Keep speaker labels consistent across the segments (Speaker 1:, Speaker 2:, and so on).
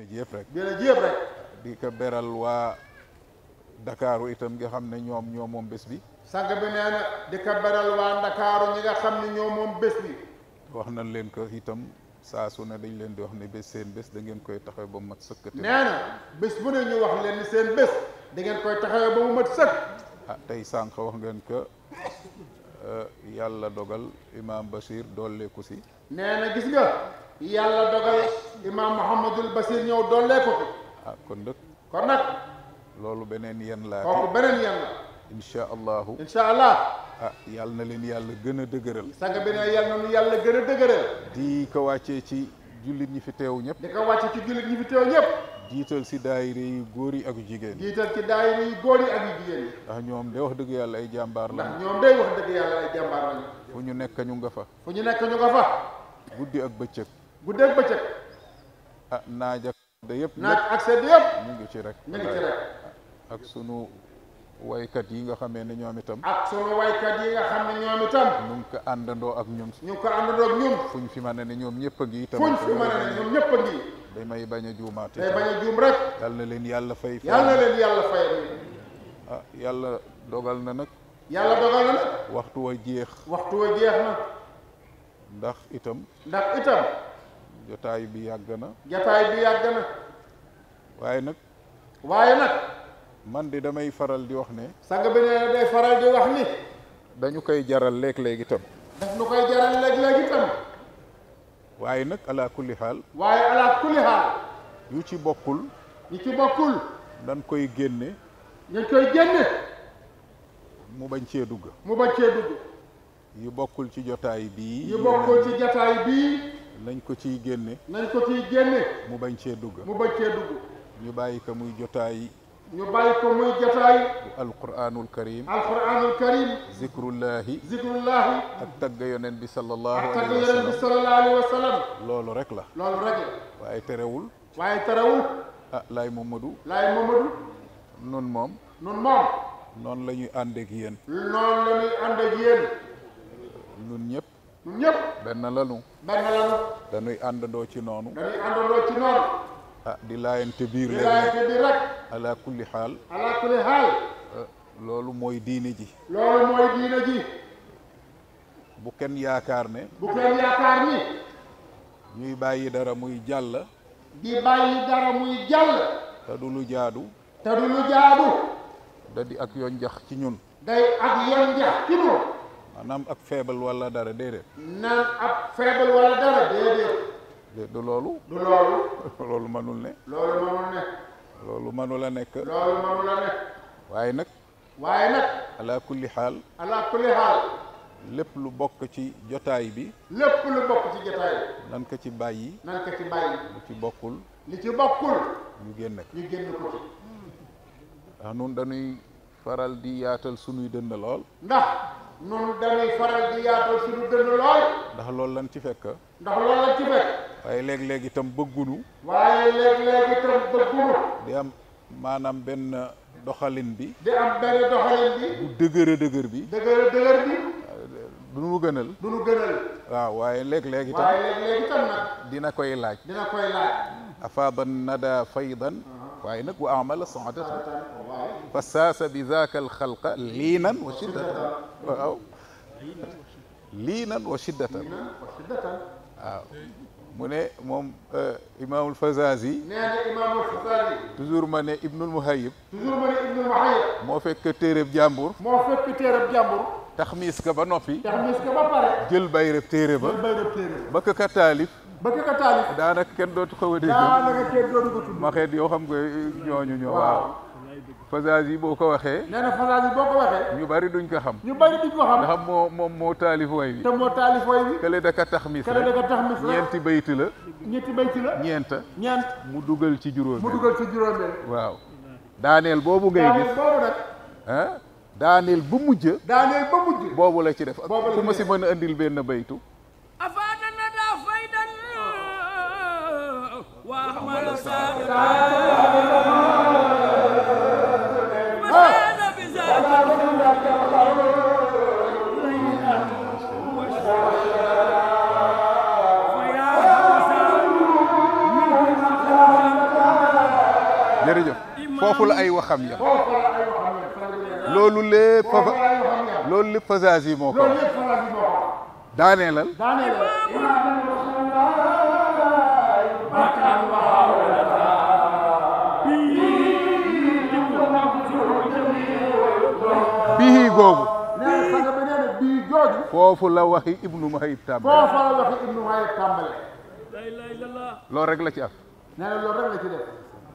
Speaker 1: diine ji yëpp rek diine di ko beral waa ndakaaru itam nga xam ne ñoom ñoo moom bés bi sang bi nee na di ko beral waa Dakaaru ñi nga xam ne ñoo moom bés bi wax nañ leen ko itam saa su ne dañ leen di wax ne bés seen bés da ngeen koy taxawee ba mu mat sëkk nee na bu ne ñu seen bés da ngeen ba mu mat sëkk ah, tey sànq wax ngeen ko eh, yàlla dogal imaam Bachir dolleeku si nee gis nga bi yàlla dogal imaam Mouhamadul Basir ñëw dollee ko fi. ah kon nag. kon nag. loolu beneen yen laa. kooku beneen yen la. incha allahu. incha allah. ah yàlla na leen yàlla gën a dëgëral. sang bi ne yàlla nu yàlla gën a dëgëral. di ko wàccee ci jullit ñi fi teew ñëpp. di ko wàccee ci jullit ñi ñëpp. jiital si daayira góor yi ak jigéen ñi. jiital ci daayira yu góor yi ak yu jigéen ñi. ndax ah, ñoom day wax dëgg yàlla ay jàmbaar la. ndax ñoom day wax dëgg yàlla ay jàmbaar la. fu ñu nekk ñu nga fa. fu ñu nekk ñu nga fa. guddi ak bëccëg. guddeeg bëccëg. ah naaj ak sedd yëpp. naaj ak sedd yëpp. ñu ngi ci rek. ñu ngi ci rek. ak sunu waykat yi nga xamee ne ñoom itam. ak nga xam ne ñoom itam. ñu ngi ko àndandoo ak ñun. ñu ngi ko àndandoo ak ñun. fuñ fi mën ne ñoom ñëpp a ngi. itam fuñ fi mën a ne ñoom ñëpp a ngi. day may bañ a juumaat. day bañ a juum rek. yal na leen yàlla fay. fay a yàlla ah, yàlla dogal na nag. yàlla dogal na nag. waxtu wa jeex. waxtu wa jeex na. ndax itam. ndax itam. jotaay bi yàgg na. jotaay bi yàgg na. waaye nag. waaye nag. man di damay faral di wax ne. sang bi ne day faral di wax ni. dañu koy jaral léeg-léeg itam. daf nu koy jaral léeg-léeg itam. waaye nag ala waaye ala yu ci bokkul. yu ci bokkul. dañ koy génne. dañ koy génne. mu bañ cee dugg. mu bañ cee dugg. yu bokkul ci jotaay bii. yu bokkul ci jotaay bii. nañ ko ciy génne. nañ ko ciy génne. mu bañ cee dugg. mu bañ cee dugg. ñu bàyyi ko muy jotaay. ñu bàyyi ko muy jotaay. alquranul karim. alquranul karim. zikrullahi. zikrullahi. ak tagg yonent bi sallallahu alayhi wa sallam ak tagg yonent bi sallallahu alayhi wa sallam. loolu rek la. loolu rek la. waaye terewul. waaye terewul. ah Laye Momadou. Laye Momadou. nun moom. nun moom. noonu la ñuy ànd ak yéen. noonu la ñuy ànd ak yéen. nun ñëpp. nun ñëpp. benn lanu. benn lanu ci noonu dañuy ah, di laayante biir biir rek ala xaal ah, loolu mooy diine ji bu kenn yaakaar ne bu kenn yaakaar ni ñuy bàyyi dara muy jàll di bàyyi dara muy jàll te du lu jaadu te ak yoon jax ci ñun day ak yoon jax ci ñun maanaam ak feebal walla dara déedéet. naan ak faible wala dara déedéet. du loolu. du loolu. loolu mënul ne. loolu mënul ne. loolu mënul a nekk. loolu mënul a nekk. waaye nag. waaye xaal. ala xaal. lépp lu bokk ci jotaay bi. lépp lu bokk ci jotaay bi. nan ko ci bàyyi. nan ko ci bàyyi. lu ci bokkul. li ci bokkul. ñu génn ko ñu génn ko ci. ndax ah, nun faral di yaatal sunuy dënd lool. ndax. noonu danay faral di yaatal suñu dënn lool. ndax loolu lan ci fekk. ndax loolu lan ci fekk. waaye léeg-léeg itam bëggunu. waaye léeg-léeg itam maanaam benn doxalin bi. di am dëgër bi. du nu gënal. du nu gënal. waaw waaye léeg-léeg itam. nag. dina koy laaj. dina koy laaj. afaaban nada faydan. waaye nag wa amala saadatan. فساس بذاك الخلق لينا وشدة لينا وشدة آه. من مم آه، امام الفزازي نهاد امام الفزازي تزور من ابن المهيب تزور من ابن المهيب مو فك تيرب جامبور مو فك تيرب جامبور تخميس كبا نوفي تخميس كبا بار جيل بايرب تيرب جيل بايرب تيرب بك دانا كين دوت خو دي دانا كين دوت ما خيت يو خم ньо ньо ньо Fazaas yi boo ko waxee. nee ñu bari duñ ko xam. ñu bari duñ ko xam. ndax moo moom moo taalif way bi. te moo taalif way bi. kële daka taxmis la kële daka ñeenti bayti la. ñeenta. ñeent mu dugal ci juróomeel. mu dugal ci juróomeel. waaw daaneel boobu ngay gis. daaneel boobu daaneel ba mujj. daaneel ba mujj. boobu la ci def. boobu la ci def ku ma si mën a andil benn baytu. waaw. foofu la ay waxam ya loolu lépp fa loolu lépp Fazaaz yi moo ko wax daaneelal
Speaker 2: bii googu
Speaker 1: foofu la waxi ibnu mahayib tàmbale foofu la waxi ibnu mahayib tàmbale loolu rek la ci am
Speaker 2: nee na loolu rek la ci def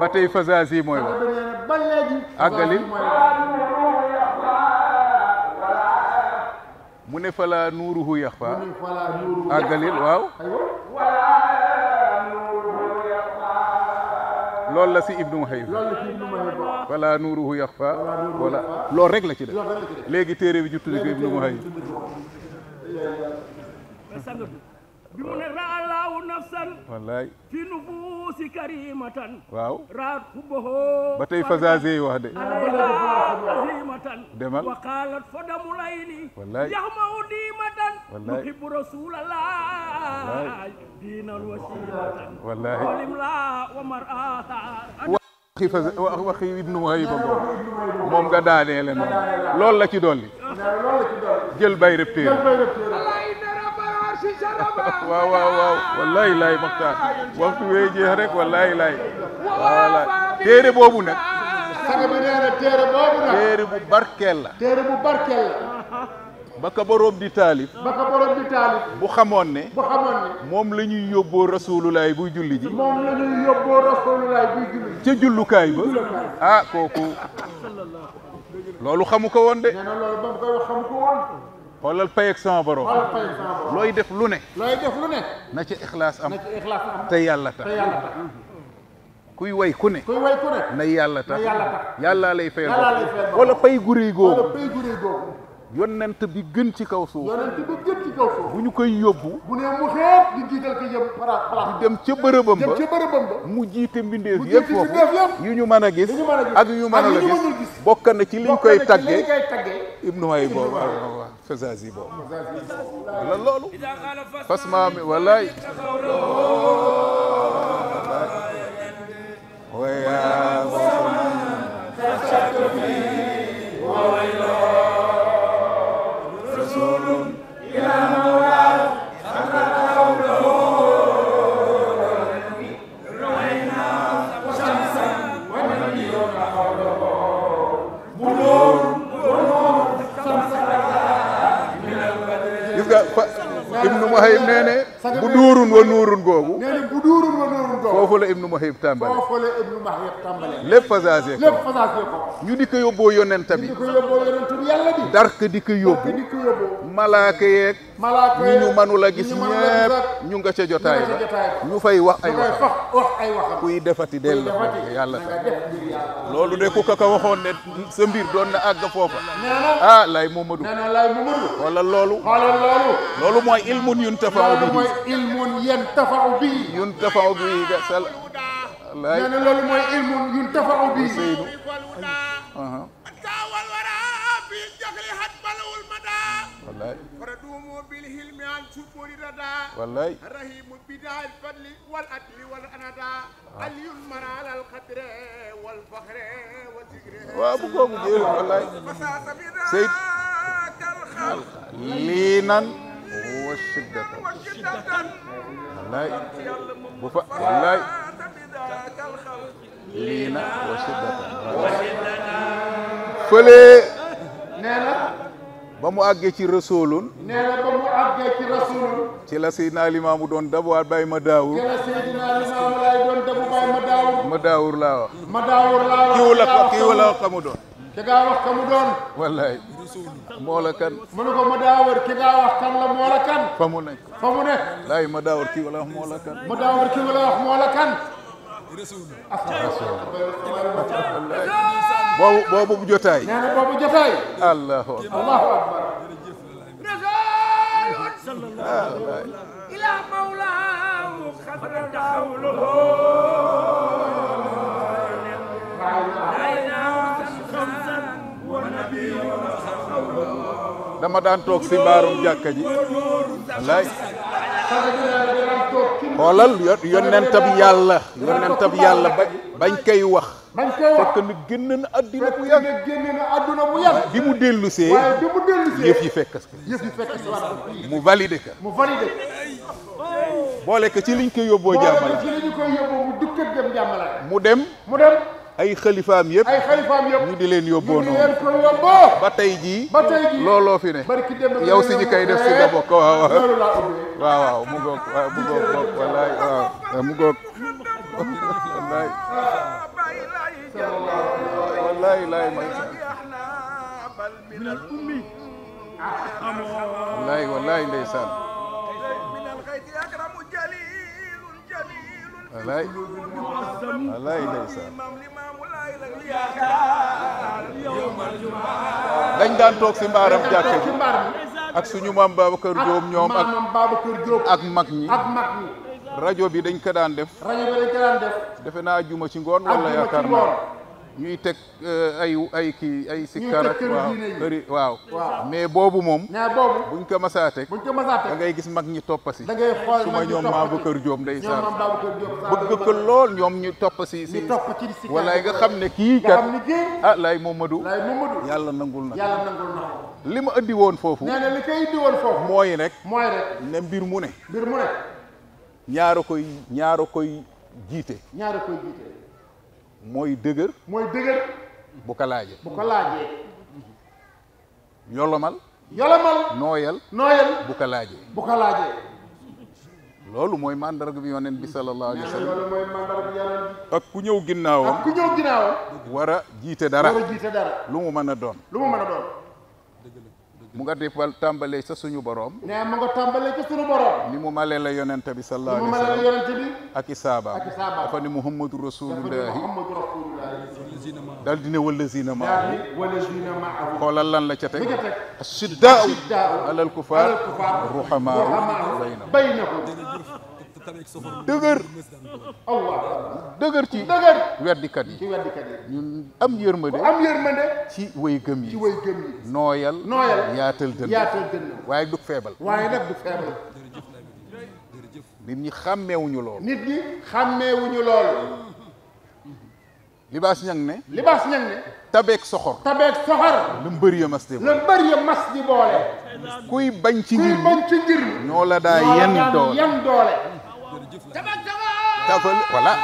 Speaker 1: ba tey fasasi mooy wax ba léegi àggali mu ne fala nuuruhu yaxfa àggalil waaw loolu la si ibnu Muhayib fala nuuruhu yaxfa wala loolu rek la ci def léegi téere bi ju tudde ko ibnu Muhayib nafsan wallaay
Speaker 2: fi nufuusi karimatan waaw raat xubbaho ba tey fa damulayni wallaay yahmau dimatan wallaay muhibu rasulallah diinan wasilatan
Speaker 1: wallaay walimla
Speaker 2: wa marata
Speaker 1: waxi fas waxi ibnu wayba
Speaker 2: moom nga daanee le noonu loolu la
Speaker 1: ci dolli jël bay rëptéer waaw waaw waaw wallaay laay waxtu wee rek wallaay laay voilà téere boobu nag saga téere boobu téere bu barkeel la téere bu barkeel di taalif ba ka di taalif bu xamoon ne bu xamoon ne moom la ñuy yóbboo rasuululaay buy julli ca jullukaay ba ah kooku loolu xamu ko woon de xolal pay ak sama borom xoolal pay ak sama borom looy def lu ne. loy def lu ne. na ci ikhlas am na ci ixlaas am te yàlla tax te yàlla tax. kuy way ku ne. kuy way ku ne. na yàlla tax na yàlla tax. yàllaa lay fayal boppam. lay fayal wala pay guri go wala pay guri go yonent bi gën ci kaw suuf. bi gën ci kaw suuf. bu ñu koy yóbbu. bu ne mu xeet di jiital ko yëpp xalaat. di dem ca bërëbam mu jiite mbindeef yëpp yu ñu mën a gis. ak yu ñu mën a gis bokk na ci liñ koy tagge ibnu hay boobu waaw wala loolu. fas maa mi gis nga fa ibnu muhayib nee ne bu duurun wa bu duurun wa nuurun googu foofu la ibnu muhayib tàmbale foofu la ibnu tàmbale lépp fasage ñu di ko yóbboo yonent bi ñu di ko yóbboo yonent bi malaaka yeeg ñi ñu mënul a gis ñëpp ñu nga ca jotaay ba ñu fay wax ay waxam kuy defati del loolu de ku ko waxoon ne sa mbir doon na àgg foofa ah lay Momadou wala loolu loolu mooy ilmun yun tafau bi yun tafau bi ga sal lay nee na loolu mooy ilmun yun tafau bi Seydou sahlihat balawol maɗa wallay kono ɗumo bil hilmi an cuɓɓoɗirada wallay rahimu bida fadli wal adli wal anada ah. aliyum manal al kadre wal fahre wa sigre waaw bu googu jeex wallay seyd liinan wa shiddatan wallay bu fa wallay liinan wa shiddatan fële nee ba mu àggee ci rasulun nee ba mu àggee ci rasulun ci la Seydina Limaamu doon dabu waat bàyyi ma la Seydina Limaamu lay doon dabu bàyyi ma laa wax ma laa wax kii wala kii wala doon ki ngaa wax ka mu doon wallaay moo ma daawar ki ngaa ma daawar kii wala wax moo la kan ma kii wala wax moo kan boobu boobu bu jotaay. nee na boobu jotaay. allahu akbar.
Speaker 2: ila mawlahu xadra dawluhu
Speaker 1: dama daan toog si mbaarum jàkka ji. wallaay.
Speaker 2: xoolal yonentab yàlla yonentab yàlla ba
Speaker 1: bañ kay wax fekk na génn na àddina bu yàgg bi mu dellusee yëf yi fekk mu validé ka boole ko ci liñ ko yóbboo jàmmala mu dem mu dem ay xalifaam yëpp ñu di leen yóbboo noonu ñu di leen yóbboo tey jii ba fi ne yow si ñi koy def si nga bokk mu goog waaw waaw mu goog wallaay wallaay wallaay wallaay dañ daan toog si mbaaram jàkk ji ak suñu maam Babacar Diop ñoom ak ak mag ñi rajo bi dañ ko daan def defe naa juma ci ngoon wala yaakaar naa ñuy teg euh, ay ay kii ay sikkarak waaw këri waaw mais boobu moom boobu buñ ko masaa teg buñ ko masaa teg da ngay gis mag ñi toppasi da ngay xool su ma ñoom Babacar Diop ndeysaan bëgg ko lool ñoom ñu toppasi si walaay nga xam ne kii kat ah lay Mamadou yàlla nangul na yàlla nangul na li ma indi woon foofu nee na li koy woon foofu mooy rek rek ne mbir mu ne mbir mu ne ñaara koy jiite ñaara koy jiite mooy dëgër mooy dëgër bu ko laajee bu ko laajee yolomal yolomal nooyal nooyal bu ko laajee bu ko loolu mooy mandarga bi yonent bi sallallahu alayhi ak ku ñëw ginnaawam ku ñëw war a jiite dara a lu mu mën a doon lu mu mën a doon mu nga defal tàmbalee sa suñu borom. nee mu nga tàmbalee ci suñu borom. ni mu malee la yonente bi sallallahu alayhi wa sallam. ni mu rasulullahi. daal di ne wala zina ma. lan la ca teg. ashiddaaw alal kufaar ruhamaau baynahum dëgër allah dëgër ci dëgër weddikat yi ci weddikat yi am yërmande am yërmande ci way gëm yi nooyal yaatal dënn waaye du feebal waaye nag du feebal nit ñi xàmmeewuñu loolu nit ñi xàmmewuñu lool libaas ñang ne libaas ñang ne tabeek soxor tabeek soxor la mbër ya mas di boole kuy bañ ci ngir kuy ñoo la daa yenn doole voilà.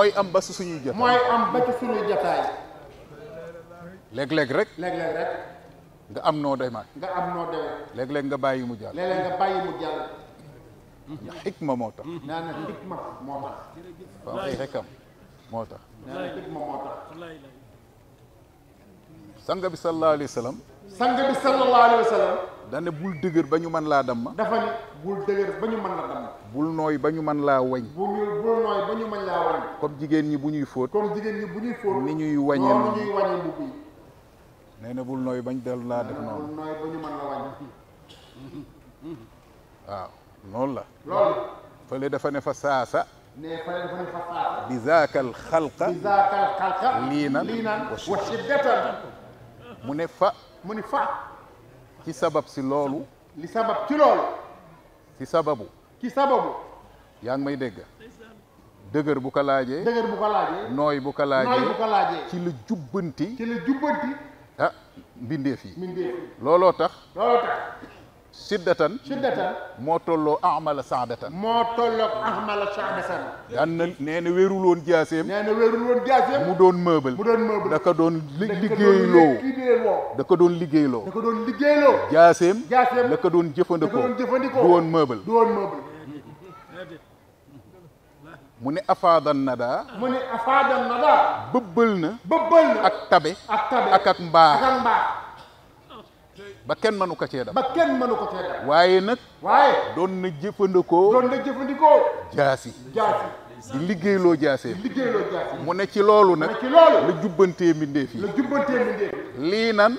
Speaker 1: mooy am ba ci suñuy jotaay. mooy am ba ci suñuy jotaay. léeg-léeg rek. léeg-léeg rek. nga am noo demaat. nga am noo demaat. léeg nga bàyyi mu jàll. nga xikma moo tax. naa xikma moo tax. waaw bi sallallahu alayhi wa sallam. bi sallallahu alayhi wa sallam. dane bul dëgër ba ñu mën laa damm. dafa ni bul nooy ba ñu mën laa wañ. bul bul nooy comme jigéen ñi bu ñuy fóot. comme bu ñuy fóot. ni ñuy wañee noonu bul nooy bañ del laa def noonu. la wañ. waaw noonu la. fële dafa ne fa saasa. ne fële dafa ne fa saasa. lii naan lii naan mu ne fa. mu ne fa. ci sabab si loolu li sabab ci loolu ci sababu ci sababu yaa ngi may dégg dëgër bu ko laajee bu ko nooy bu ko laajee ko laajee ci la jubbanti ci la jubbanti ah mbindeef yi mbindeef looloo tax شدة شدة موتو لو أعمل سعدة موتو لو أعمل سعدة لأن نين ويرولون جاسم نين ويرولون جاسم مدون مبل مدون مبل دكا دون ليجي لو دكا دون ليجي لو دكا دون ليجي لو جاسم جاسم دكا دون جيفون دكو دون مبل دون مبل من أفاد الندى من أفاد الندى ببلنا ببلنا أكتبه أكتبه أكتبه ba kenn mënu ko cee dab kenn mënu ko waaye nag waaye doon na jëfandikoo jaasi jaasi di liggéeyloo jaasee mu ne ci loolu nag la jubbantee mbindeef yi lii nan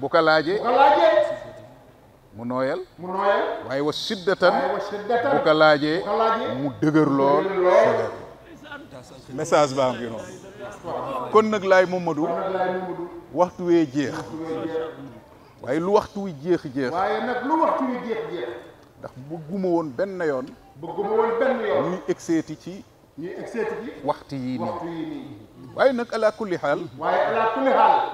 Speaker 1: bu ko laajee mu nooyal waaye wa siddatan bu ko laajee mu dëgër lool message baa ngi noonu kon nag laay Mamadou waxtu wee jeex waaye lu waxtu wi jeexi jeex waaye nag lu jeex ndax bëgguma woon benn yoon bëgguma woon benn ñuy egseeti ci ñuy egseeti ci waxtu yii nii waaye nag ala kulli xaal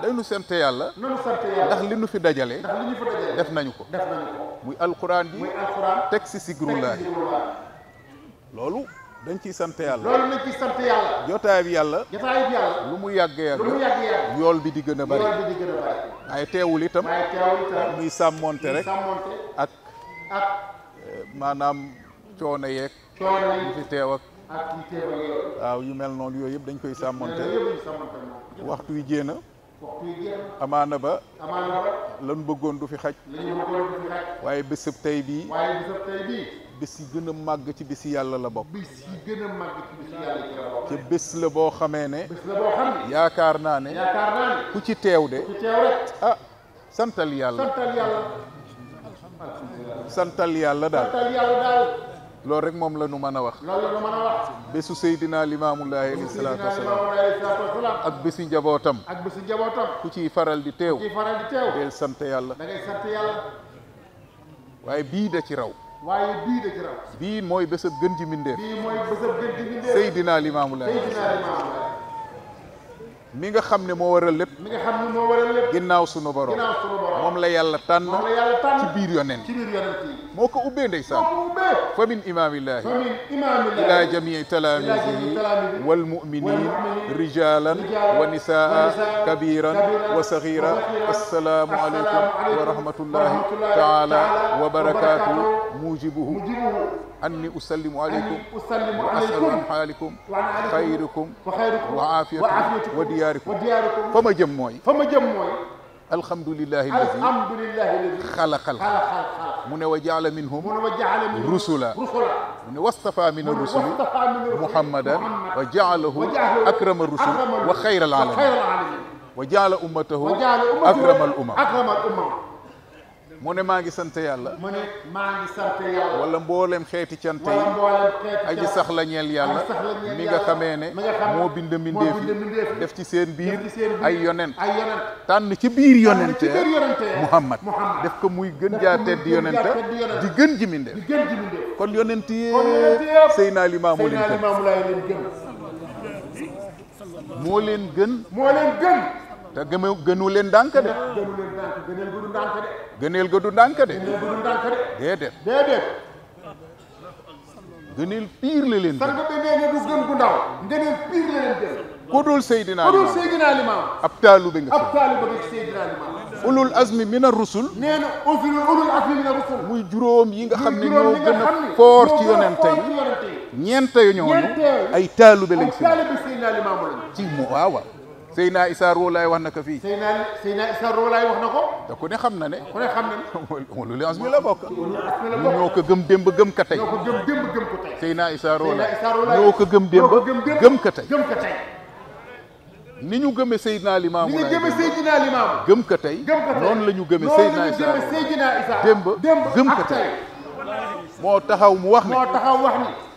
Speaker 1: dañu sant yàlla nanu sant yàlla ndax li nu fi dajale ndax def nañu ko def nañu ko muy alquran bi muy alquran teg si sigrulaahi loolu dañ ciy sant yàlla loolu jotaayub yàlla lu mu yàgg yàgg yool bi di gën a bari teewul itam muy sàmmonte rek ak eh, maanaam coono yeeg coono yi teew ak ñu waaw yu mel noonu yooyu yëpp dañ koy sàmmonte waxtu wi jéena amaana ba lan bëggoon du fi xaj waaye bésëb tey bii bés yi gën màgg ci bés yàlla la bokk. bés yi ci bés la boo xamee ne. yaakaar naa ne. yaakaar ku ci teew de. ku ci ah santal yàlla. santal yàlla. daal. santal loolu rek moom la nu mën a wax. loolu la nu mën a wax. bésu Seydina Limaamullaahi alayhi salaatu wa salaam. ak bésu njabootam. ak bésu njabootam. ku ciy faral di teew. ku ciy yàlla. waaye bii da ci raw. waaye bii da garaaw bii mooy bésëb gën ji mindeef bii mooy bésëb gën ji mindeef Seydina Limaamu Laay Seydina Limaamu Laay mi nga xamne mo waral lépp. mi nga xamne mo waral lépp. ginnaaw sunu borom ginnaaw sunu borom moom la yàlla tan moom la yàlla tànn ci biir yonent. ci biir yonent yi. moo ko ubbee ndeysaan. moo fa min imaamillaahi. fa
Speaker 2: min imaamillaahi. ilaa
Speaker 1: jamii talamizi wal mu'minin rijalan wa nisaa kabiran wa saghira assalamu alaykum wa rahmatullahi taala wa barakaatu mujibuhu أني أسلم عليكم أسلم عليكم وأسأل عن حالكم خيركم وخيركم وعافيتكم, وعافيتكم ودياركم, ودياركم فما جم فما جم الحمد لله الذي الحمد لله الذي خلق خلق خلق من وجعل منهم من وجعل منهم رسلا رسلا من واصطفى من الرسل محمدا وجعله أكرم الرسل وخير العالمين وجعل أمته أكرم الأمم أكرم الأمم mu ne maa ngi sant yàlla. mu ne sant wala mboolem xeeti cant yi. aji sax la ñeel yàlla. mi nga xamee ne. moo bind mbindeef def ci seen biir. ay yonent ay yonent. tànn ci biir yonente. Muhammad def ko muy gën jaa tedd yonente. di gën ji mbindeef. kon yonent yi Seydina Limaamu leen leen gën. moo leen gën. te gëme gënu leen ndànk de. gënu leen ndànk gëneel gëdu ndànk de. gëneel gëdu ndànk de. gëneel gëdu ndànk de. na du gën gu ndaw. gëneel piir la leen jël. ku dul Seydina Limaam ab taalu bi nga. ab ulul azmi mina na rusul. muy juróom yi nga xam ne ñoo gën a fort ci yonente yi ñeente ñooñu ay taalu bi lañ ci moom waaw Seyna Issa Rouhou Laye wax na ko fii. Seyna Seyna wax na ko. te ne xam na ne. ko ne xam na ne. lu léegi mi la bokk. ñoo ko démb gëm ka tey. ñoo ko gëm démb gëm ko tey. Seyna ko gëm démb gëm ka tey. ni ñu gëmee Seydina Limaamu. ni gëm ka tey. gëm ka tey noonu la ñu gëmee Seydina Issa. la ñu gëmee Seydina Issa. démb démb gëm ka tey. moo taxaw mu wax ni moo wax ni.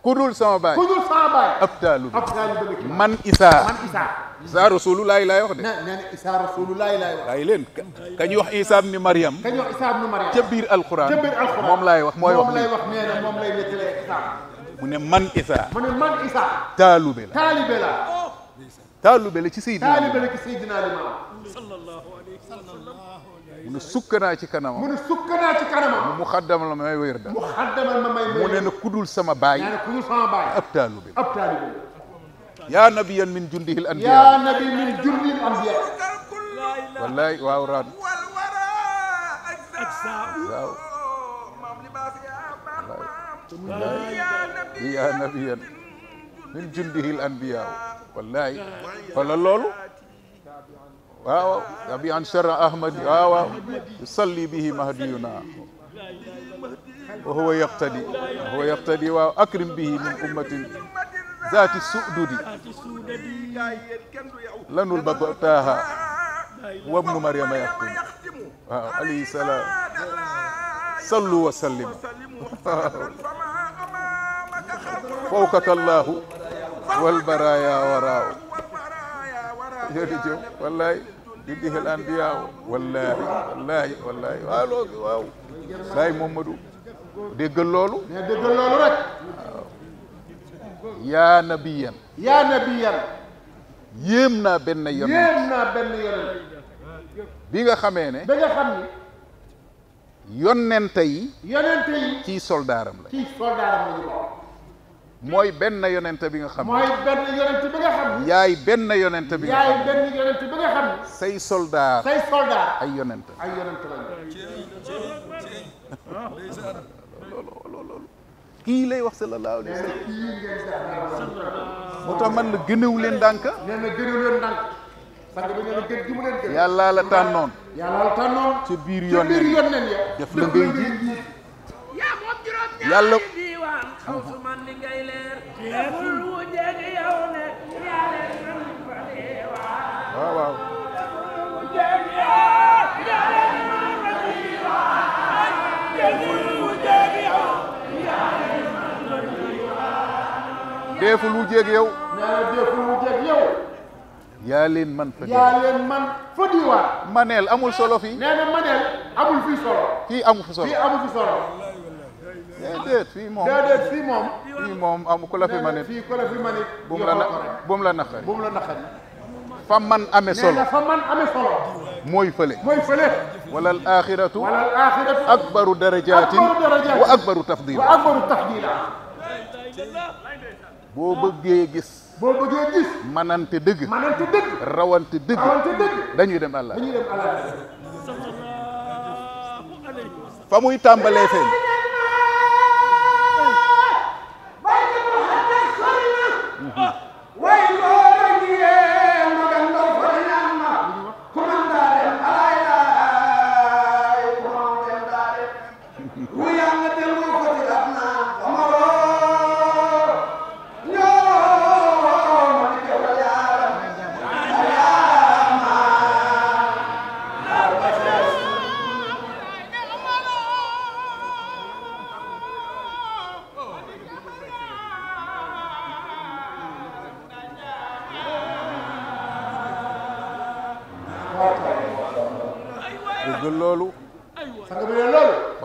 Speaker 1: ku dul sama baay ku dul sama baay ab taalib ab taalib man isaa man isaa isaa rasulullaahi laay wax de nee na isaa rasulullaahi laay wax bàyyi leen kañ wax isaa ibni mariam kañ wax isaa ibni mariam ca biir alquran ca biir alquran moom laay wax mooy wax moom lay wax nee na moom lay nettalee isaa mu ne man isaa mu ne man isaa taalube la taalube la taalube la ci sayyidina taalube la ci sayyidina limaam
Speaker 2: sallallahu alayhi wa sallam
Speaker 1: mu ne sukk naa ci kanamam mu ne sukk naa ci kanamam mu xaddamal ma may wér da mu xaddamal ma may wér mu ne na kudul sama baay nee na kudul sama baay ab taalibe ab taalibe yaa nabiyan min jundihil anbiya yaa nabi min jundihil anbiya wallaay waaw raan waaw yaa nabiyan min jundihil anbiya wallaay xoolal loolu أبي عن شر أحمد يصلي به مهدينا وهو يقتدي وهو يقتدي وأكرم به من أمة ذات السؤدد لن البطاها وابن مريم يختم عليه السلام صلوا وسلموا فوقك الله والبرايا وراءه jërëjëf wallaay di digal anbiyaa wallaay wallaay wallaay waaw loolu waaw Baye Momadou déggal loolu déggal loolu yaa nabiyan yaa nabiyan yéem naa benn yoon yéem bi nga xamee ne bi nga yi ci soldaaram la ci soldaaram la ñu mooy benn yonent bi nga xam mooy benn yonent bi nga xam yaay benn yonent bi nga xam yaay benn yonent bi nga xam say soldat say soldat ay yonent ay yonent lañ loolu loolu kii lay wax sallallahu alayhi wa sallam moo tax man la gënew leen ndànka nee na gënew leen ndànk yàllaa la tànnoon yàllaa la tànnoon ca biir yoon nen ya def la ngay ji
Speaker 2: yàlla diwaan xaw su man
Speaker 1: leen man fa diwaan maneel amul solo fii maneel amul fii solo amul fi solo amul fi solo déedéet fii moom am ku fi manit fii ku la fi manit bu mu la na fa man amee solo nee na fa man amee solo. mooy mooy fële. wala al axiratu. wala al axiratu. akbaru darajaatin wa akbaru tafdila boo bëggee gis. boo bëggee gis. manante dëgg. rawante dëgg. dañuy dem àll. fa muy tàmbalee feeñ.
Speaker 2: 喂。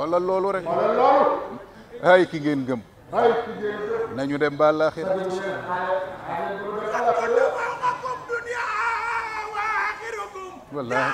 Speaker 1: xoolal loolu rek xoolal loolu ay ki ngeen gëm ay ki ngeen gëm nañu dem ba àllaaxira wallaahi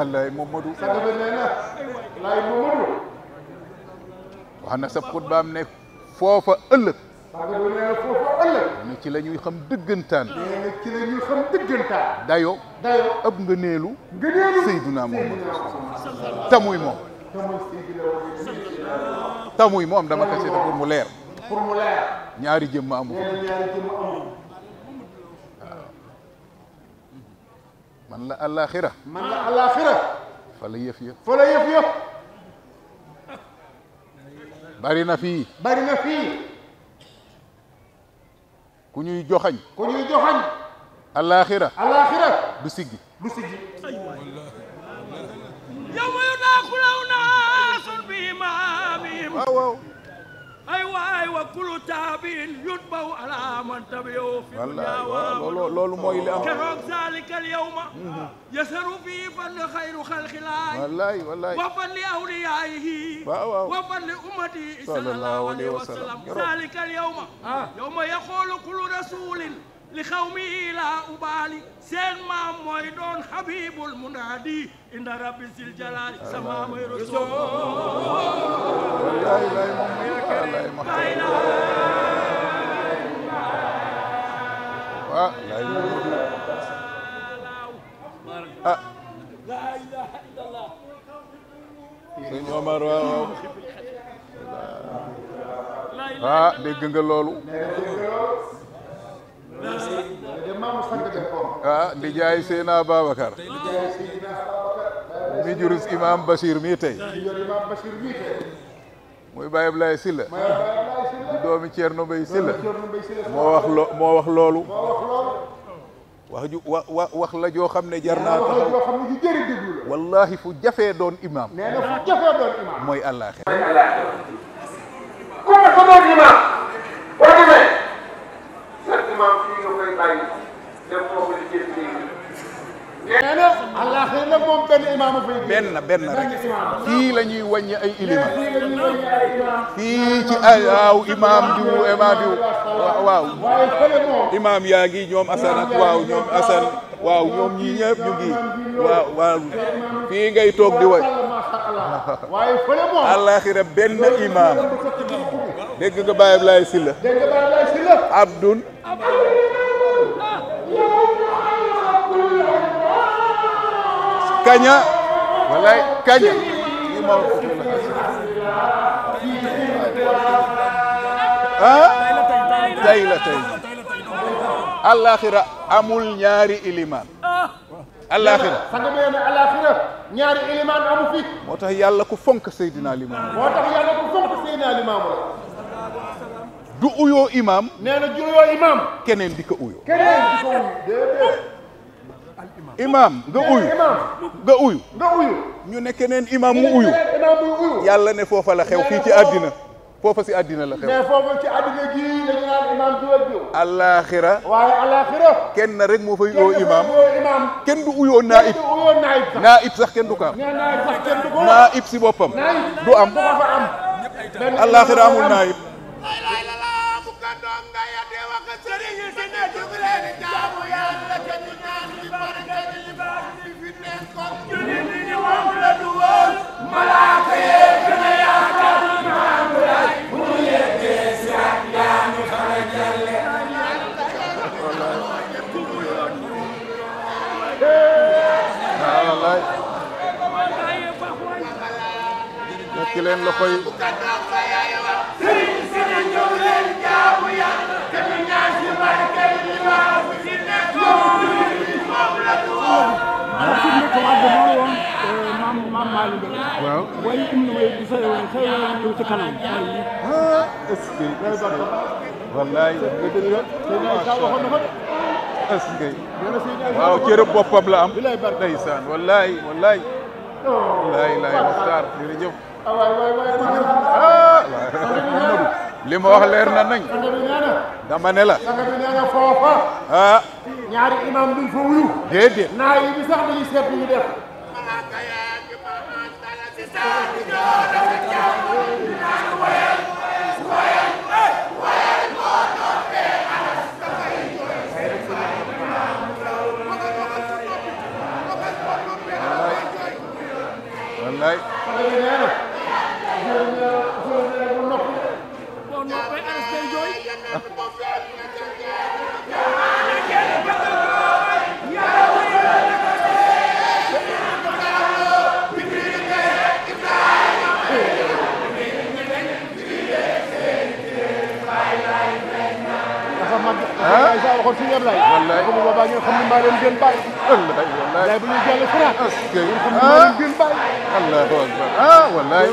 Speaker 1: wallaay Momadou na laay Momadou wax ne foofa ëllëg sanga ba nee na foofa ëllëg ne ci la xam dëggantaan nee dayo ëpp nga neelu nga neelu Seyduna Momadou tamuy moom tamuy moom dama kase pour mu ñaari jëmm من لا الآخرة من لا الآخرة فلي فيه فلي فيه بارينا فيه بارينا فيه كوني جوخان كوني جوخان الآخرة الآخرة بسيجي بسيجي
Speaker 2: يا ويونا aywa aywa kulu taabiin yutbaw ala man tabiyow
Speaker 1: fi dunya wa loolu mooy li am keroog
Speaker 2: zalika al yawma yasaru fii fan xayru xalqilaahi
Speaker 1: wallaay wallaay wa
Speaker 2: fan li awliyaayihi waaw waaw wa fan li ummati sallallahu alayhi wa sallam zalika al yawma yawma yaqulu kulu rasulin li xawmi laa ubaali seen maam mooy doon xabibul munaadi inda rabbi sil jalaali sama mooy rasul bay laa
Speaker 1: laa ilaaha illallah sëñ Omar waaw waaw dégg nga loolu ah di jaay Seydina Babacar mi jurus imam Bachir mii tey muy Baye Ablaye Sylla di doomi Thierno Mbaye Sylla moo wax loolu wax la joo xam ne jar naa taxaw joo ju jëri déglu wallahi fu jafee doon imam mooy àllaaxira
Speaker 2: mooy kër imaam
Speaker 1: fii nag moom benn imaam benn rek fii la ñuy ay ilima. fii ci ay waaw imaam diw imaam waaw imaam yaa ngi ñoom Assane waaw ñoom Assane waaw ñoom ñii ñëpp ñu waaw waaw fii ngay toog di way. waaye benn imaam dégg nga Baye Ablaye Sylla Abdun kaña wallaay kaña ah tey la tey alaxira amul ñaari ilimaan alaxira xam nga mayee ne alaxira ñaari ilimaan amu fi moo tax yàlla ku fonk Seydina Limaamu moo tax yàlla ku fonk Seydina Limaamu la du uyoo imaam. nee keneen di ko uyoo. keneen imaam nga uyu. nga uyu. ñu ne keneen imaam mu uyu. yàlla ne foofa la xew fii ci àddina. foofa si àddina la xew. ci alaaxira. waaye alaaxira. kenn rek moo fay uyoo imaam. kenn du uyoo naib. kenn sax. kenn du ko am.
Speaker 2: si boppam. du am. alaaxira amul naib.
Speaker 1: tekki leen loxo yi waaw
Speaker 2: waaye um na may sa sa yow ci kanam ah
Speaker 1: est-ce que wallaay est-ce que waaw cërëb boppam la am ndeysaan wallaay wallaay wallaay laay waxtaan jërëjëf Ah, li leer na nañ. dama ne la. foofa. ah. ñaari imam duñ fa naa yi bi sax dañuy seet ñu def. ah sa waxoon suñu Ablaye wallaay bu boobaa ñun xam ne maa leen gën bàyyi wallaay wallaay bu ñu jàll France ñun xam ne maa leen gën bàyyi allahu akbar ah wallaay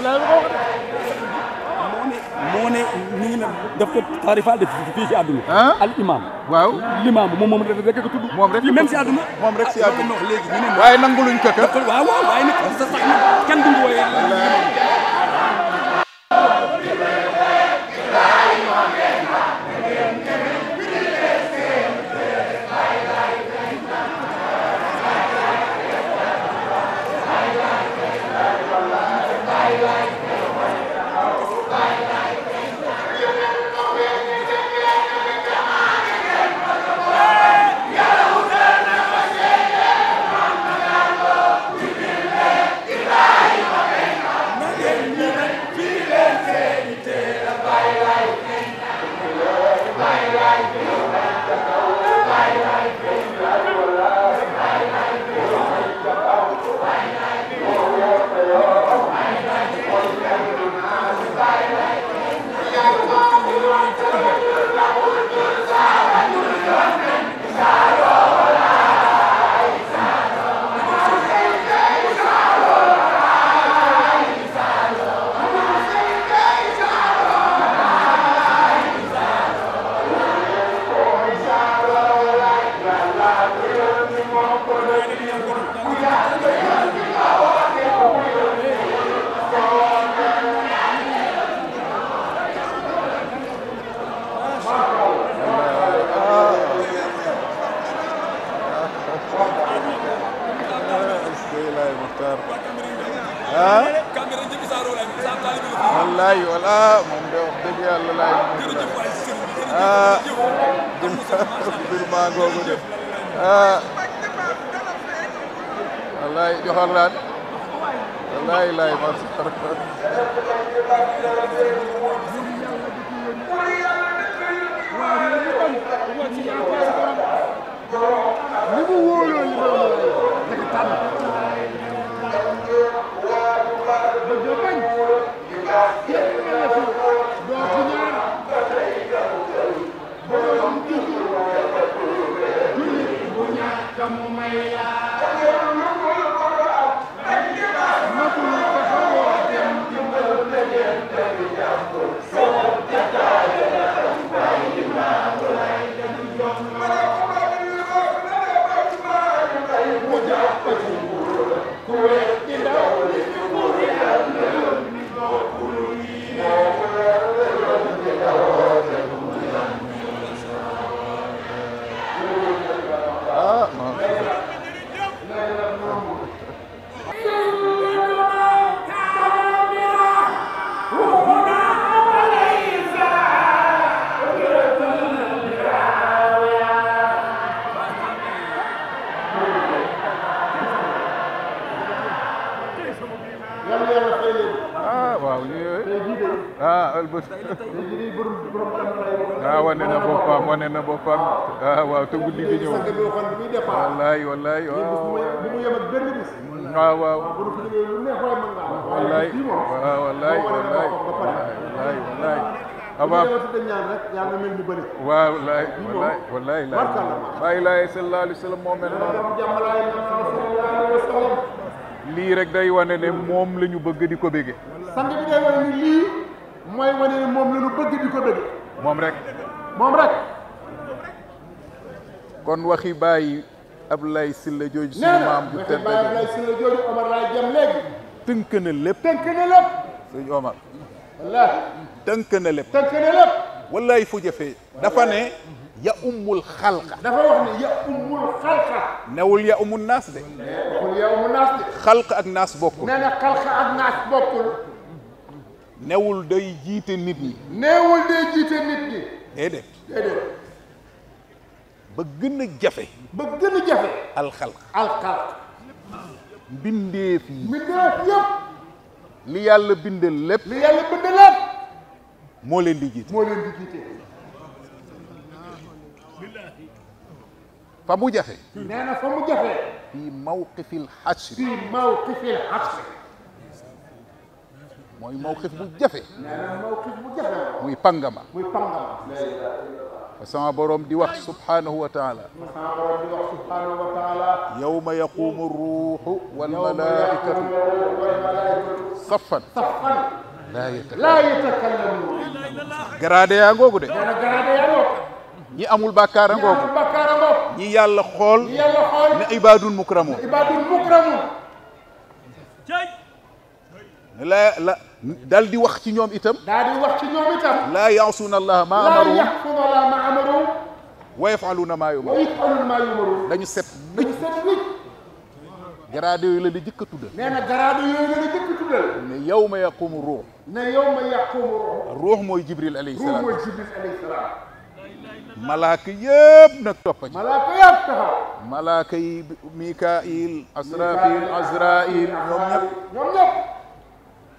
Speaker 1: moo ne ñu ngi ne daf ko taarifal def fii ci àdduna ah? al imam waaw l'imam moom moom rek rek ko tudd moom rek même si àdduna moom rek si ah, àdduna wax léegi ñu ne waaye nanguluñ ko ka waaw waaw waaye nag sa sax kenn duñ wooyee waaw te guddi gi ñëw wallaay wallaay waaw waaw waaw wallaay waaw wallaay wallaay wallaay wallaay aba waaw wallaay wallaay wallaay laay laay sallallahu alayhi wa sallam moo mel noonu lii rek day wane ne moom la ñu bëgg di ko bége sang bi day wane ni lii mooy wane ne moom la ñu bëgg di ko bége moom rek moom rek kon waxi bàyyi Ablaye Sylla jooju suñu maam bu tedd bàyyi Ablaye Sylla jooju Omar laa jëm léegi tënk na lépp tënk na lépp sëñ Omar wallaay tënk na lépp tënk na lépp wallaay fu jafee dafa ne ya ummul xalqa dafa wax ne ya ummul xalqa newul ya ummul naas de newul ya ummul naas de xalq ak naas bokkul nee na xalq ak naas bokkul newul day jiite nit ñi newul day jiite nit ñi déedéet déedéet ba gën jafe ba gën a jafe alxalq alxalq mbindeef yi yëpp li yàlla bind lépp li yàlla bind lépp moo leen di jiite fa mu jafe nee fa mu jafe fii mawqifil xasri mooy mawqif bu jafe nee mawqif bu jafe muy pangama فسمع بروم دي وح سبحانه وتعالى يوم يقوم الروح والملائكة صفا لا يتكلمون غرادي يا غرادي ni amul bakara ngogu ni yalla xol ni ibadun mukramun ibadun mukramun لا لا دال دي واخ سي نيوم ايتام دي واخ سي نيوم لا يعصون الله ما امروا لا يعصون الله ما امروا ويفعلون ما يمر ويفعلون ما يمر دا ني سيب ني سيب ني غرادو دي جيك تودل نينا غرادو يلا دي جيك تودل يوم يقوم الروح ن يوم يقوم الروح الروح موي جبريل عليه السلام موي جبريل عليه السلام ملاك يب نتوفى ملاك يب ملاك ميكائيل أسرافيل أزرائيل يوم يب يوم يب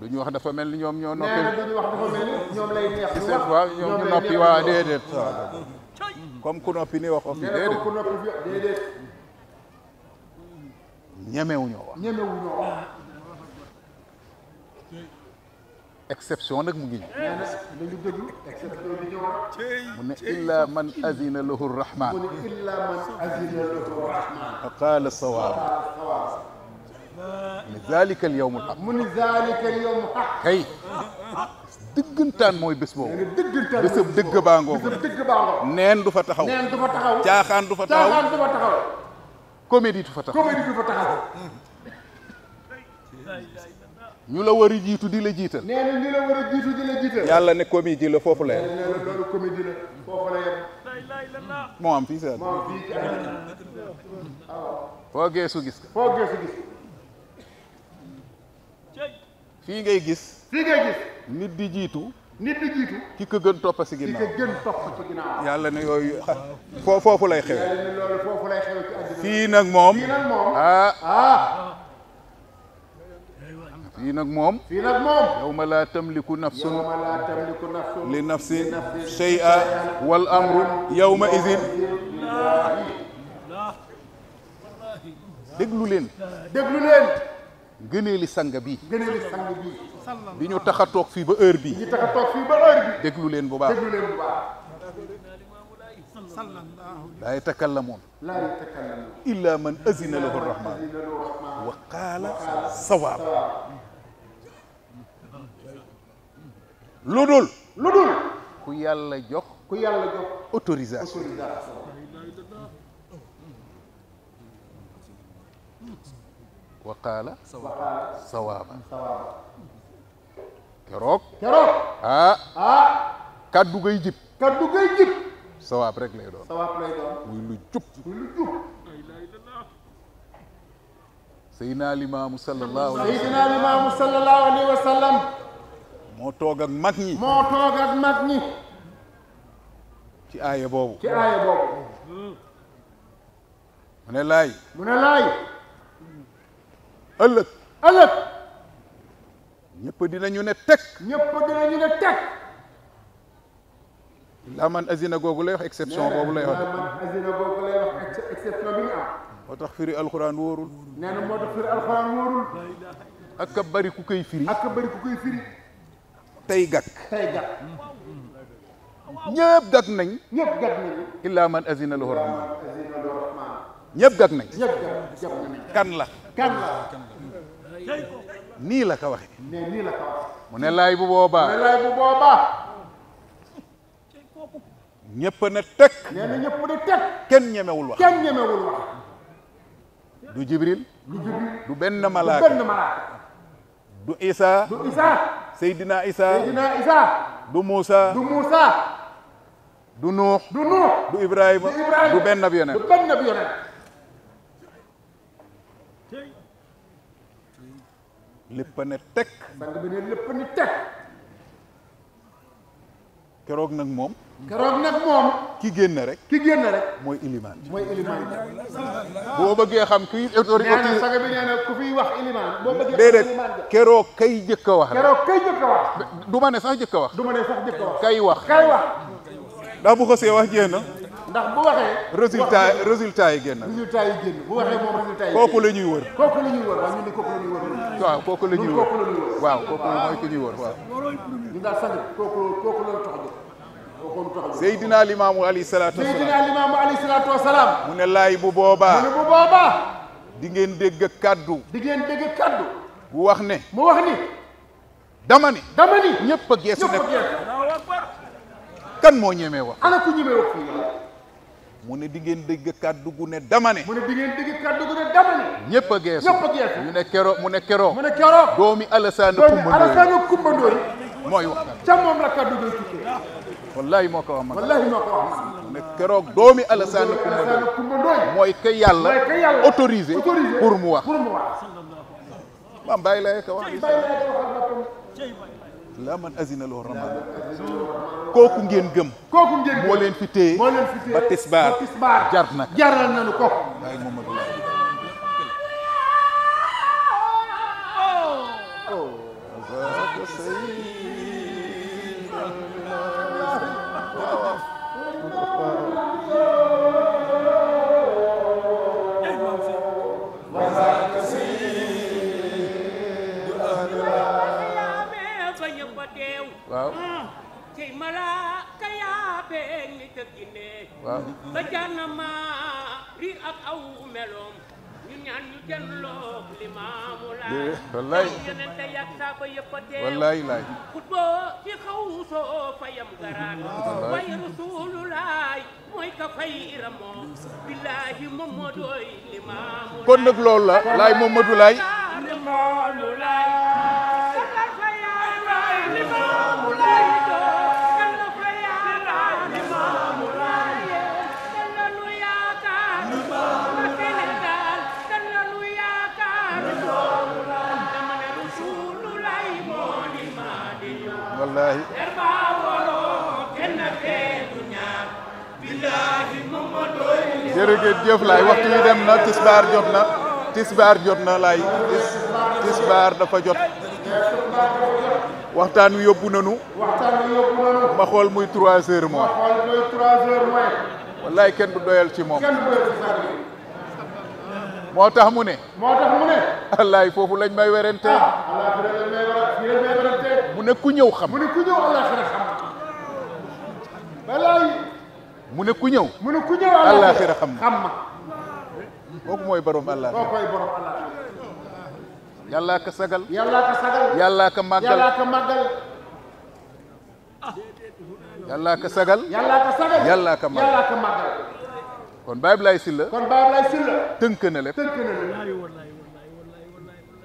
Speaker 1: du ñu wax dafa mel ni ñoom ñoo noppi. nee na du ñu wax dafa mel ni ñoom lay neex. ñoom lay neex ñoom ñu noppi waa déedéet. comme ku noppi ni waxoo fi déedéet. nee ku noppi fi déedéet. ñemewuñoo wax. ñemewuñoo wax. exception nag mu ngi ñëw. nee na dañu déglu exception bi ñëw. mu ne illa man azina lahu rahman. mu ne illa man azina lahu rahman. fa qaala sawaab. zaalika yawmul haq mu ni zaalika kay dëggantaan mooy bés boobu bésab dëgg baa ngoo neen du fa taxaw neen caaxaan du fa taxaw caaxaan du fa taxaw ñu la war a jiitu di la jiital nee na a yàlla ne comédie la foofu la yem moo am fii sa fii foo geesu gis ka fii ngay gis. fii ngay nit di jiitu. nit di jiitu. ki ko gën topp si ginnaaw yàlla ne yooyu foofu lay xew. fii nag moom. fii nag moom ah. Ah. fii yow ma laa tamliku nafsun. yow ma li nafsin shay'a wal amru yow ma izin. déglu leen. gëneeli sang bi gëneeli sang bi bi ñu tax a toog fii ba heure bi ñu tax a toog fii ba heure bi déglu leen bu baax déglu leen bu baax laa yatakallamuun laa yatakallamuun illa man azina lahu rahman wa qaala sawaab lu dul lu dul ku yàlla jox ku yàlla jox autorisation waqaala sawaaba keroog keroog ah ah kaddu gay jib kaddu rek lay doon sawaab lu jub muy Limaamu sallallahu alayhi wa moo toog ak mag ñi ci aaya boobu mu ne laay ëllëg ëllëg ñëpp dinañu ne teg ñëpp dinañu ne man azina googu lay wax exception boobu lay wax azina googu lay wax exception moo tax firi alxuraan wóorul nee na moo bari ku koy firi ak gàkk tey gàkk ñëpp gàkk nañ ñëpp gàkk nañ illaa man azina lahu rahmaan gàkk nañ kan la kan la ah, nii bu boobaa ne laay bu boobaa ñëpp na teg kenn ñemewul wax du jibril du benn malaaka du isa du isa du muusa du muusa du nuux du nuux du benn ab lépp ne teg sang keroog nag moom keroog nag moom ki génn rek ki génn rek mooy ilimaan mooy ilimaan boo bëggee xam kuy autorité bi nee ku fiy wax ilimaan boo bëggee déedéet keroog kay jëkk a wax keroog kay jëkk a wax du ma ne sax jëkk wax du ne sax jëkk wax kay wax daa bu ko wax jeex na ndax bu waxee. résultat résultat yi génn. résultat yi génn bu waxee moom résultat yi. kooku la ñuy wër. kooku la ñuy wër waaw ñu ne kooku la ñuy wër. waaw kooku la ñuy wër waaw kooku mooy ku ñuy wër waaw. ñu daal sant kooku kooku la tax a jóg. Seydina Limaamu alayhi salaatu wasalaam Seydina Limaamu alayhi salaatu wasalaam. mu ne laay bu boobaa. mu ne bu boobaa. di ngeen dégg kaddu. di ngeen dégg kaddu. bu wax ne. mu wax ni. dama ni. dama ni ñëpp a geesu ne. kan moo ñemee wax. ana ku ñemee wax fii. mu ne di ngeen dégg kàddu gu ne dama ne. mu ne ngeen dégg kàddu dama ne. ñëpp a geesu a geesu. mu ne keroog mu ne keroog. mu ne keroog. doomi Alassane Coumba Ndoye doomi mooy wax ca moom la kàddu doy tukkee. wallahi moo ko wax man. wallahi moo ko wax mu ne keroog doomi Alassane Coumba Ndoye. mooy ka yàlla. mooy ka mu wax pour mu bàyyi la ka wax. la man azina loo ramal kooku ngeen gëm kooku ngeen gëm moo leen fi téye moo ko
Speaker 2: malaaka yaa beeg nit ak jinne ba jànnama ri ak aw meloom ñun ñaan ñu jënd loo limaamu laay wallaay yeneen te yàgg
Speaker 1: saa yëpp a teew wallaay laay xutboo ci xaw soo fayam garaat waaye rasuulu laay mooy ka fay iramoo billaahi moom moo dooy limaamu laay kon nag loolu la laay moom madu laay
Speaker 2: limaamu
Speaker 1: jërëjëf jëf laay waxtu wi dem na tisbaar jot na tisbaar jot na lay tis tisbaar dafa jot waxtaan wi yóbbu nanu ma xool muy trois heures mooy wallaay kenn du doyal ci moom moo tax mu ne moo tax foofu lañ may werante mu ne ñëw xam mu xam mu ne ku ñëw. mu ne ku ñëw àllaaxira xam ma xam ma. kooku mooy borom àllaaxira kooku mooy sagal. yàllaa ka sagal. yàllaa ka sagal. kon Baye Ablaye Sylla. kon Baye na lépp tënk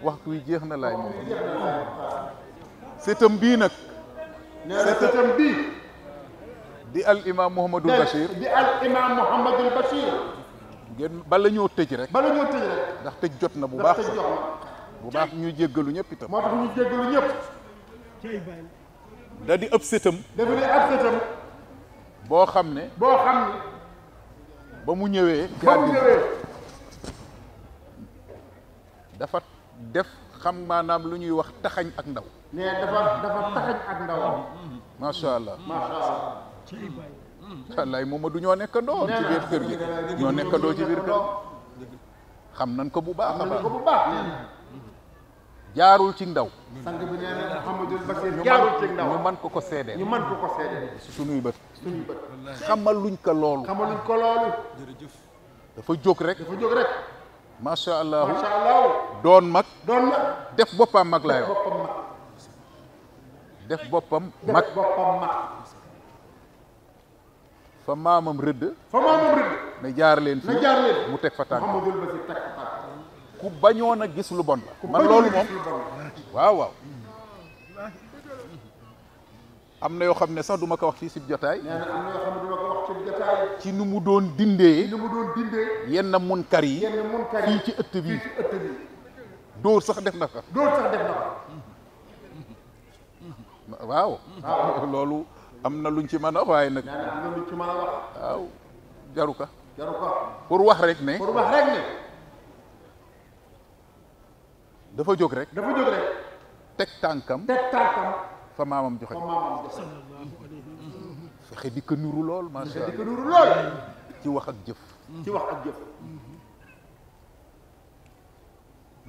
Speaker 1: waxtu wi jeex na laay moom. bii nag. nee bii. di al imaam Mouhamadul Bachir ngeen bala ñoo tëj rek. bala ndax tëj jot na bu baax sax bu baax ñu jéggalu ñëpp itam. moo tax ñu jéggalu ñëpp. da di ëpp sëtam. boo xam ne. boo xam ne. ba mu ñëwee. dafa def xam maanaam lu ñuy wax taxañ ak ndaw. mais allah. Mm-hmm. wallaay Momadou ñoo nekkandoo ci biir kër gi ñoo nekkandoo ci biir kër xam nañ ko bu baax a baax jaarul ci ndaw sang bi nee na Mouhamadul ñu mën ko ko seedee ñu mën ko ko suñuy bët xamal luñ ko loolu xamal ko loolu jërëjëf dafa jóg rek dafa jóg rek macha allah macha allah doon mag def boppam mag la boppam mag def boppam mag fa maamam rëdd fa jaar leen fii jaar leen mu teg fa tànk ku bañoon a gis lu bon la man loolu moom waaw waaw am na yoo xam ne sax du ma ko wax fii sib jotaay ma ci nu mu doon dindee nu mu doon yenn munkar yi yi fii ci ëtt bi dóor sax def na ko dóor sax waaw loolu am na lu luñ ci mën a waaye nag. waaw jaru ka. jaru pour wax rek ne. dafa jóg rek. dafa jóg teg tànkam. teg fa maamam joxe. fa maamam joxe. fexe di ko lool macha ci wax ak jëf. ci wax ak jëf.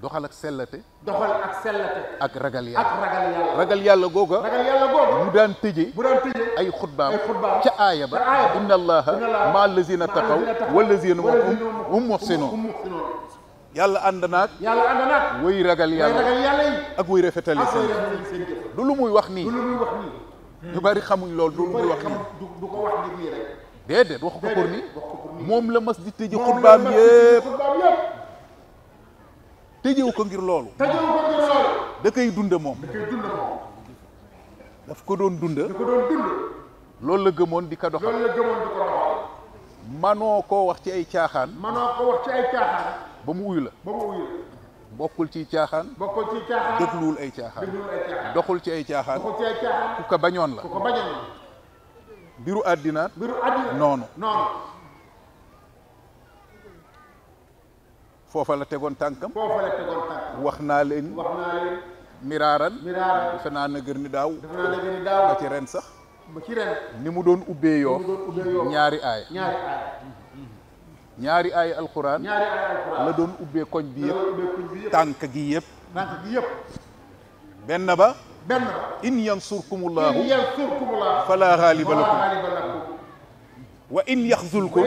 Speaker 1: doxal ak sellate doxal ak sellate ragal yàlla ak ragal yàlla ragal yàlla googa ragal daan tëjee ay xutbaam ca aaya ba inna allaha ma allazina taqaw wallazina hum muhsinun yàlla ànd naag yàlla ànd naag ragal yàlla ak wuy rafetali du lu muy wax nii du lu muy wax ñu bari xamuñ loolu du lu muy wax nii du wax ko pour nii moom la mas di tëjee xutbaam yëpp tëjewu ko ngir loolu. tëjewu da koy dund moom. da koy dund moom. daf ko doon dund. da ko doon dund. loolu la gëmoon di ko doxal. loolu la ko wax ci ay caaxaan. manoo ba mu uyu la. ba bokkul ci caaxaan. bokkul ci ay caaxaan. doxul ci ay caaxaan. ku ko bañoon la. ko bañoon la. mbiru àddina. noonu. foofa la tegoon tànkam foofa la tegoon tànkam wax naa leen wax naa leen miraaran miraaran defe naa nëgër ni daaw defe naa nëgër ni daaw ba ci ren sax ba ci ren ni mu doon ubbee yoo ñaari ay ñaari ay ñaari ay alxuraan la doon ubbee koñ bi yëpp tànk gi yëpp tànk gi yëpp benn ba benn ba in yansurkumullahu in yansurkumullahu fala xaaliba lakum wa in yaxzulkum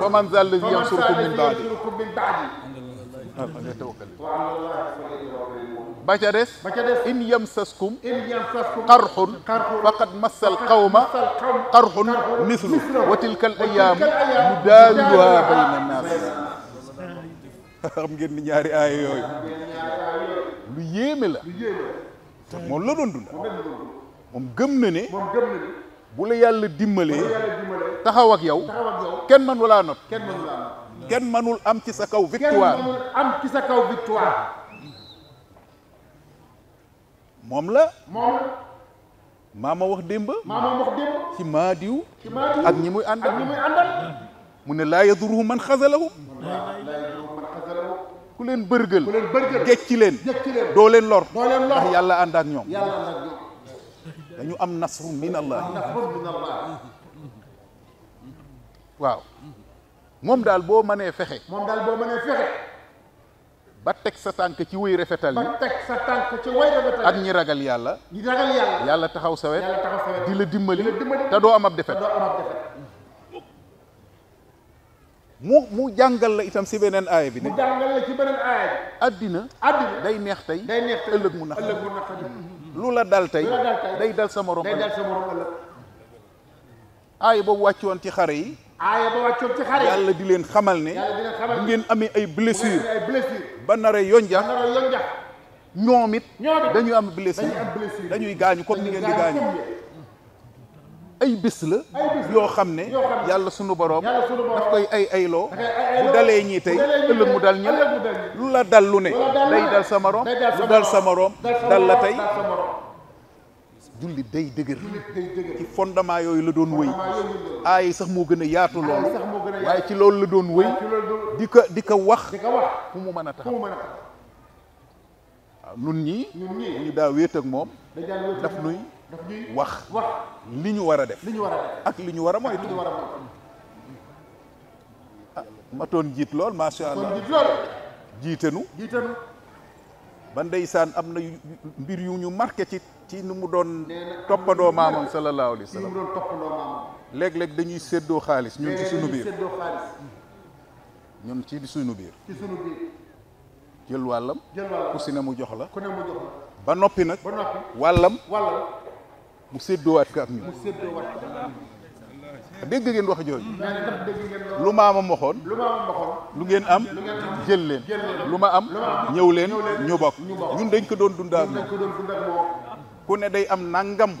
Speaker 1: faman zal lazi yansurkum min baadi ba ca des in yamsaskum qarxun faqad massal qawma qarxun mislu wa tilka al ayaamu nudaawiluha bayna naas xam ngeen ni ñaari aaya yooyu lu yéeme la moom la doon dund moom gëm na bu la yàlla dimbalee taxawak ak yow kenn man walaa not kenn mënul am ci sa kaw victoire ci sa kaw victoire. moom la. moom. a wax démb. wax démb. ci maadiw. ci maadiw ak ñi muy ànd ak mu ne laa yaduruhu man xasalahu. ku leen bërgël. ku leen bërgël leen. gecci leen doo leen lor. yàlla ànd ak ñoom. yàlla ànd ak ñoom. dañu am nasru min allah. waaw. mom dal bo mané fexe. mom dal bo mané fexe. ba tek sa tànk ci wuy rafetal ni ba tek sa tànk ci wuy rafetal ak ñi ragal yàlla. ñi ragal yàlla. yàlla taxaw sa wet di la dimbali ta do am ab defet. do am ab defet mu mu jàngal la itam ci benen ay bi. mu jàngal la ci benen ay bi. adina addina day neex tay day neex tay ëlëk mu nax lu la dal tay day dal sa morom day dal sa morom ëllëg. aaya boobu wàcc woon ci xare yi. aaya ba wàccoon ci xare yàlla di leen xamal ne bu ngeen amee ay blessure ba nar a yonjax ñoom it dañuy am blessure dañuy gaañu comme ni ngeen di gaañu ay bés la yoo xam ne yàlla sunu boroom daf koy ay ayloo bu dalee ñii tey ëllëg mu dal ñëpp lu la dal lu ne day dal sa moroom lu dal sa moroom dal la tey jullit day dëgër ci fondement yooyu la doon wëy aaye sax moo gën a yaatu lool waaye ci loolu la doon wëy di ko di ko wax fu mu mën a taxaw waaw nun ñii ñu daa wéet ak moom daf nuy wax li ñu war a def ak li ñu war a moytu ah, matoon jiit lool macha allah jiitanu ba ndeysaan am na mbir yu ñu marqué ci ci nu mu doon toppandoo maamam sallallahu alayhi wa sallam léeg dañuy seddoo xaalis ñun ci sunu biir ñun ci jël wàllam ku ne mu jox la ba noppi nag wàllam mu séddoowaat ka ak ñun dégg ngeen wax jooju lu maamam waxoon lu ngeen am jël leen lu ma am ñëw leen ñu bokk ñun dañ ko doon dund moom ku ne day am nangam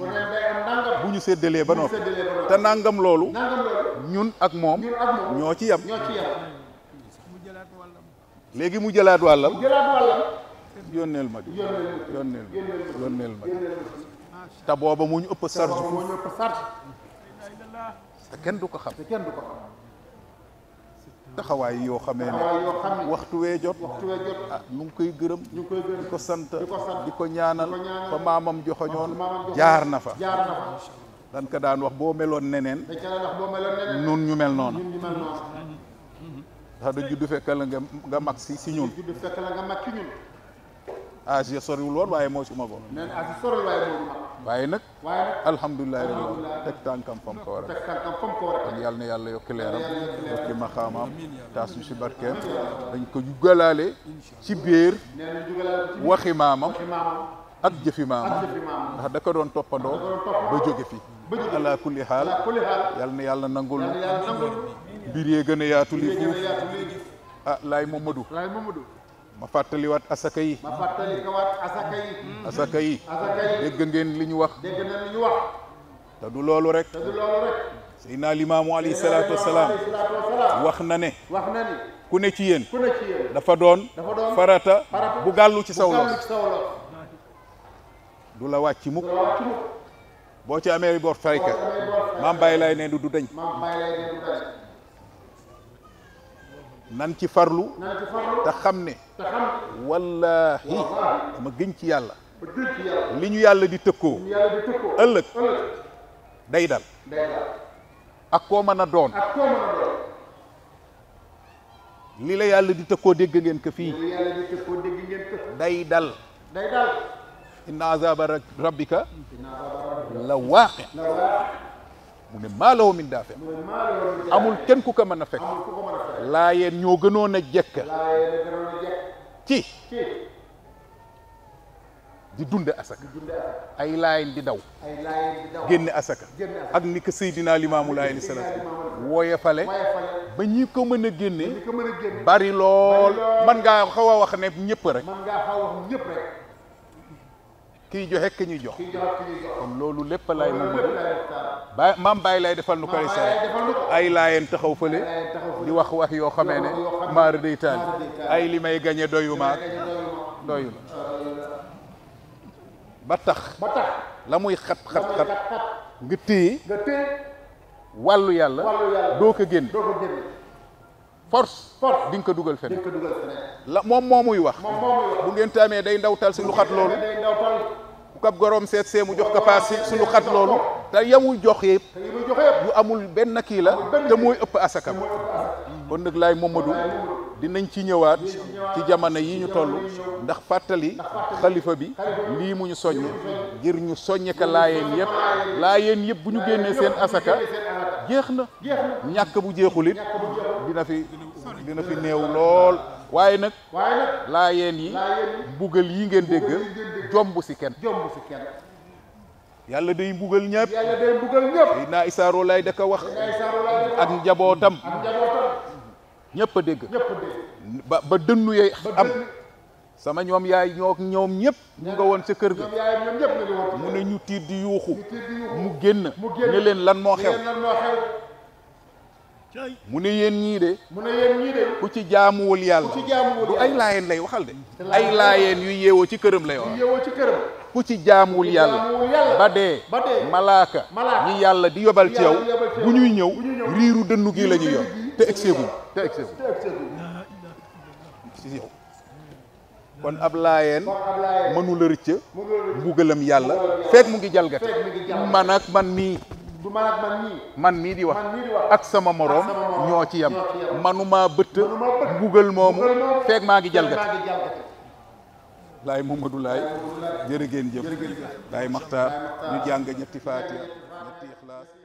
Speaker 1: bu ñu seddalee ba noppi te nangam loolu ñun ak moom ñoo ci yam léegi mu jëlaat wàllam yónneel ma di yónneel ma yónneel te booba mu ñu ëpp sarge te kenn du ko xam daxawaay yoo xamee ne waxtu wee jot ah mu ngi koy gërëm di ko sant di ko ñaanal fa maamam joxoñoon jaar na fa dan ka daan wax boo meloon neneen nun ñu mel noonu ndax da juddu fekk la nga mag si si ñun âge ya soriwul woon waaye moo ci magoon. nee na âge yi soriwul waaye moo ci magoon. waaye nag. waaye nag alhamdulilah rabbil aalamiin teg tànkam fam ko war a. teg tànkam fam ko war a. kon yàlla na yàlla yokk leeram yokki maxaamaam taas ñu si barkeem dañ ko jugalaale ci biir waxi maamam ak jëfi maamam ndax da ko doon toppandoo ba jóge fi. ala kulli xaal yàlla na yàlla nangul mbir yee gën a yaatu li fuuf ah laay Mamadou. ma fàttaliwaat asaka yi. ma fàttalikawaat asaka yi. Hmm. asaka yi. dégg ngeen li ñu wax. te du loolu rek. te du loolu Limaamu alayhi salaatu wa wax na ne. wax ku ne ci yéen. ku ne ci dafa doon. farata. bu gàllu ci saw du la wàcc mukk. boo ci amee bor fayka. maam Baye lay ne du du dañ. nan ci farlu te xam ne wallaahi dama gën ci yàlla li ñu yàlla di tëkkoo ëllëg day dal ak koo mën a doon li la yàlla di tëkkoo dégg ngeen ko fii day dal inna azaba rabbika la waaqi mu ne maalawo min amul kenn ku ko mën a fekk laayeen ñoo gënoon a jekk ci di dund asaka ay laayeen di daw génn asaka ak ni ko Seydina Limaamu Laay alayhi salaam wooye fale ba ñi ko mën a génne bari lool man ngaa xaw a wax ne ñëpp rek kiy joxe ki ñuy jox kon loolu lépp laay mu mën ba maam Baye lay defal nu koy sare ay laayeen taxaw fële di wax wax yoo xamee ne maar day taali ay li may gañe doyu maak doyu la ba tax la muy xat xat xat nga téye wàllu yàlla doo ko génn force di nga ko dugal feneen la moom moo muy wax bu ngeen amee day ndawtal si lu xat loolu bu ko ab goroom seet see mu jox ko paas si suñu xat loolu te yamuy jox yëpp yu amul benn kii la te mooy ëpp asakam kon nag laay Momadou dinañ ci ñëwaat ci jamono yi ñu toll ndax fàttali xalifa bi lii mu ñu soññ ngir ñu soññ ka laayeen yëpp laayeen yëpp bu ñu génnee seen asaka jeex na ñàkk bu jeexulit dina fi dina fi néew lool waaye nag waaye nag yi mbugal yi ngeen dégg jomb si kenn yàlla day mbugal ñëpp yàlla day mbugal naa isaaroo lay da ko wax ak njabootam ñëpp a dégg ba ba dënnu yey am sama ñoom yaay ñoo ñoom ñëpp mu nga woon sa kër ga mu ne ñu tiit di yuuxu mu génn ne leen lan moo xew mu ne yéen ñii de. mu ku ci jaamuwul yàlla. ku ci jaamuwul du ay laayeen lay waxal de.
Speaker 2: ay laayeen
Speaker 1: yu yeewoo ci këram lay wax. yu ci këram. ku ci jaamuwul yàlla. ba dee. malaaka. ñi yàlla di yobal ci yow. bu ñuy ñëw riiru dënnu gi la ñuy yor. te egseeguñ te egseeguñ. si yow kon ab laayeen. mënu la rëcc. yàlla. feek mu ngi jalgate. man ak man nii. du man mii man di wax ak sama moroom ñoo ci yem manuma bëtt mbugal moomu feeg maa ngi jalgati laay Mamadou Laay jërë ngeen jëf laay maxtaar ñu jàng ñetti faatiha ñetti ixlaas